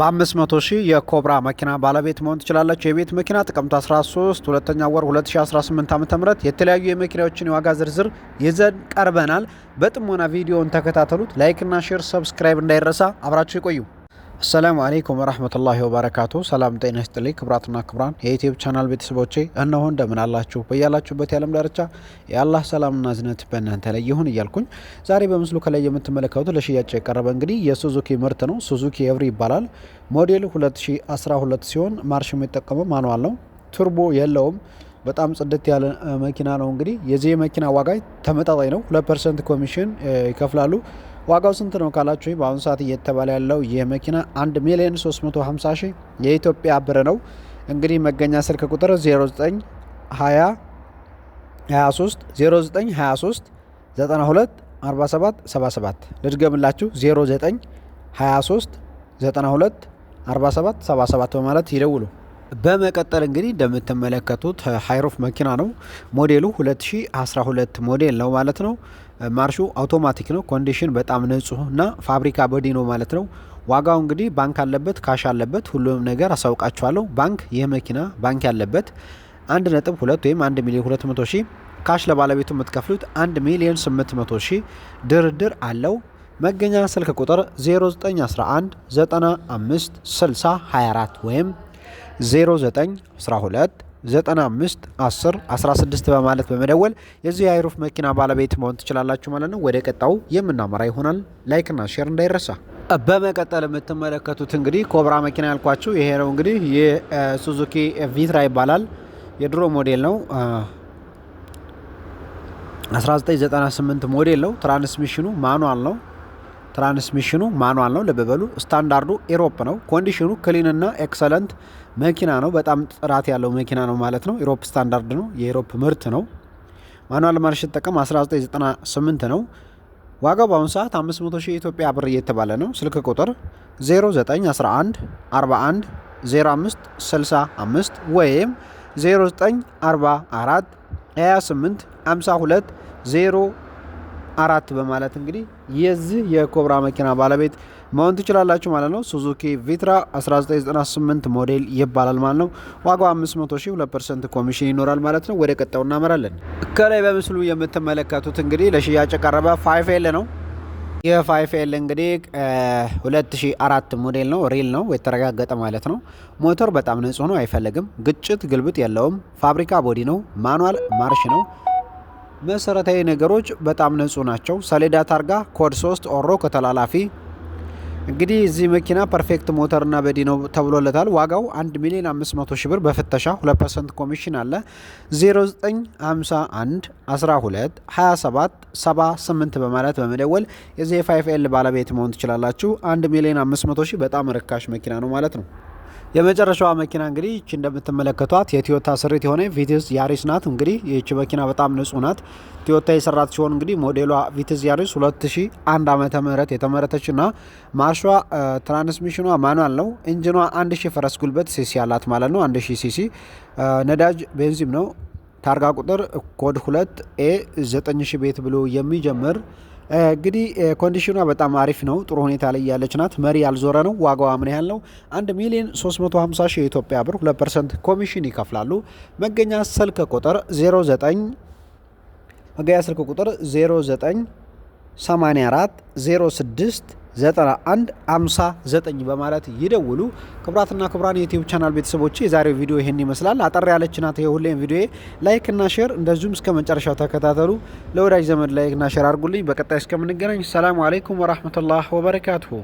በ500 ሺህ የኮብራ መኪና ባለቤት መሆን ትችላለች። የቤት መኪና ጥቅምት 13 ሁለተኛ ወር 2018 ዓ ም የተለያዩ የመኪናዎችን የዋጋ ዝርዝር ይዘን ቀርበናል። በጥሞና ቪዲዮን ተከታተሉት። ላይክና ሼር፣ ሰብስክራይብ እንዳይረሳ። አብራችሁ ይቆዩ። አሰላሙ አሌይኩም ወረህመቱላሂ ወበረካቱ። ሰላም ጤና ይስጥልኝ ክብራትና ክብራን የዩትዩብ ቻናል ቤተሰቦቼ እነሆ እንደምን አላችሁ? በያላችሁበት የዓለም ዳርቻ የአላህ ሰላምና እዝነት በእናንተ ላይ ይሁን እያልኩኝ ዛሬ በምስሉ ከላይ የምትመለከቱት ለሽያጭ የቀረበ እንግዲህ የሱዙኪ ምርት ነው። ሱዙኪ ኤቭሪ ይባላል። ሞዴል 2012 ሲሆን ማርሽ የሚጠቀመው ማንዋል ነው። ቱርቦ የለውም። በጣም ጽድት ያለ መኪና ነው። እንግዲህ የዚህ መኪና ዋጋ ተመጣጣኝ ነው። 2 ፐርሰንት ኮሚሽን ይከፍላሉ። ዋጋው ስንት ነው ካላችሁ በአሁኑ ሰዓት እየተባለ ያለው ይህ መኪና 1 ሚሊዮን 350 ሺህ የኢትዮጵያ ብር ነው። እንግዲህ መገኛ ስልክ ቁጥር 09 09 20 23 23 92 47 77 ልድገምላችሁ 09 23 92 47 77 በማለት ይደውሉ። በመቀጠል እንግዲህ እንደምትመለከቱት ሀይሮፍ መኪና ነው። ሞዴሉ 2012 ሞዴል ነው ማለት ነው። ማርሹ አውቶማቲክ ነው። ኮንዲሽን በጣም ንጹህ እና ፋብሪካ ቦዲ ነው ማለት ነው። ዋጋው እንግዲህ ባንክ አለበት፣ ካሽ አለበት፣ ሁሉም ነገር አሳውቃችኋለሁ። ባንክ ይህ መኪና ባንክ ያለበት 1.2 ወይም 1 ሚሊዮን 200 ሺህ ካሽ ለባለቤቱ የምትከፍሉት 1 ሚሊዮን 800 ሺህ ድርድር አለው። መገኛ ስልክ ቁጥር 0911 95 60 24 ወይም 0912 95 10 16 በማለት በመደወል የዚህ የአይሩፍ መኪና ባለቤት መሆን ትችላላችሁ ማለት ነው። ወደ ቀጣው የምናመራ ይሆናል። ላይክና ሼር እንዳይረሳ። በመቀጠል የምትመለከቱት እንግዲህ ኮብራ መኪና ያልኳችሁ ይሄ ነው። እንግዲህ ሱዙኪ ቪትራ ይባላል። የድሮ ሞዴል ነው። 1998 ሞዴል ነው። ትራንስሚሽኑ ማኑዋል ነው። ትራንስሚሽኑ ማኗል ነው። ልብ በሉ። ስታንዳርዱ ኢሮፕ ነው። ኮንዲሽኑ ክሊንና ኤክሰለንት መኪና ነው። በጣም ጥራት ያለው መኪና ነው ማለት ነው። ኢሮፕ ስታንዳርድ ነው። የኢሮፕ ምርት ነው። ማኗል ማርሽ ጠቀም 1998 ነው። ዋጋው በአሁኑ ሰዓት 500 ሺህ ኢትዮጵያ ብር እየተባለ ነው። ስልክ ቁጥር 0911 41 05 65 ወይም 0944 28 52 አራት በማለት እንግዲህ የዚህ የኮብራ መኪና ባለቤት መሆን ትችላላችሁ ማለት ነው። ሱዙኪ ቪትራ 1998 ሞዴል ይባላል ማለት ነው። ዋጋው 500 ሺህ 2 ፐርሰንት ኮሚሽን ይኖራል ማለት ነው። ወደ ቀጣው እናመራለን። ከላይ በምስሉ የምትመለከቱት እንግዲህ ለሽያጭ የቀረበ ፋይፍ ኤል ነው። የፋይፍ ኤል እንግዲህ 2004 ሞዴል ነው። ሪል ነው የተረጋገጠ ማለት ነው። ሞተር በጣም ንጹህ ነው፣ አይፈልግም ግጭት ግልብጥ የለውም። ፋብሪካ ቦዲ ነው። ማኑዋል ማርሽ ነው። መሰረታዊ ነገሮች በጣም ንጹህ ናቸው። ሰሌዳ፣ ታርጋ፣ ኮድ 3 ኦሮ ከተላላፊ እንግዲህ እዚህ መኪና ፐርፌክት ሞተርና በዲ ነው ተብሎለታል። ዋጋው 1 ሚሊዮን 500 ሺህ ብር በፍተሻ 2 ኮሚሽን አለ። 0951 12 27 78 በማለት በመደወል የዚህ 5 ኤል ባለቤት መሆን ትችላላችሁ። 1 ሚሊዮን 500 ሺህ በጣም ርካሽ መኪና ነው ማለት ነው። የመጨረሻዋ መኪና እንግዲህ ይቺ እንደምትመለከቷት የቶዮታ ስሪት የሆነ ቪትዝ ያሪስ ናት። እንግዲህ ይቺ መኪና በጣም ንጹህ ናት። ቶዮታ የሰራት ሲሆን እንግዲህ ሞዴሏ ቪትዝ ያሪስ 2001 ዓ ም የተመረተች ና ማርሿ ትራንስሚሽኗ ማኗል ነው። ኢንጂኗ 1000 ፈረስ ጉልበት ሲሲ አላት ማለት ነው። 1000 ሲሲ ነዳጅ ቤንዚም ነው። ታርጋ ቁጥር ኮድ 2 ኤ 9000 ቤት ብሎ የሚጀምር እንግዲህ ኮንዲሽኗ በጣም አሪፍ ነው። ጥሩ ሁኔታ ላይ ያለች ናት። መሪ ያልዞረ ነው። ዋጋዋ ምን ያህል ነው? 1 ሚሊዮን 350 ሺህ የኢትዮጵያ ብር 2 ፐርሰንት ኮሚሽን ይከፍላሉ። መገኛ ስልክ ቁጥር 09 መገኛ ስልክ ቁጥር 09 84 06 91 59 በማለት ይደውሉ። ክቡራትና ክቡራን የዩቲዩብ ቻናል ቤተሰቦች የዛሬው ቪዲዮ ይህን ይመስላል። አጠር ያለች ናት። የሁሌም ቪዲዮ እና ሼር እንደዚሁም እስከ መጨረሻው ተከታተሉ። ለወዳጅ ዘመድ ላይክ እና ሼር አድርጉልኝ። በቀጣይ እስከምንገናኝ ሰላሙ አለይኩም ወራህመቱላህ ወበረካቱሁ።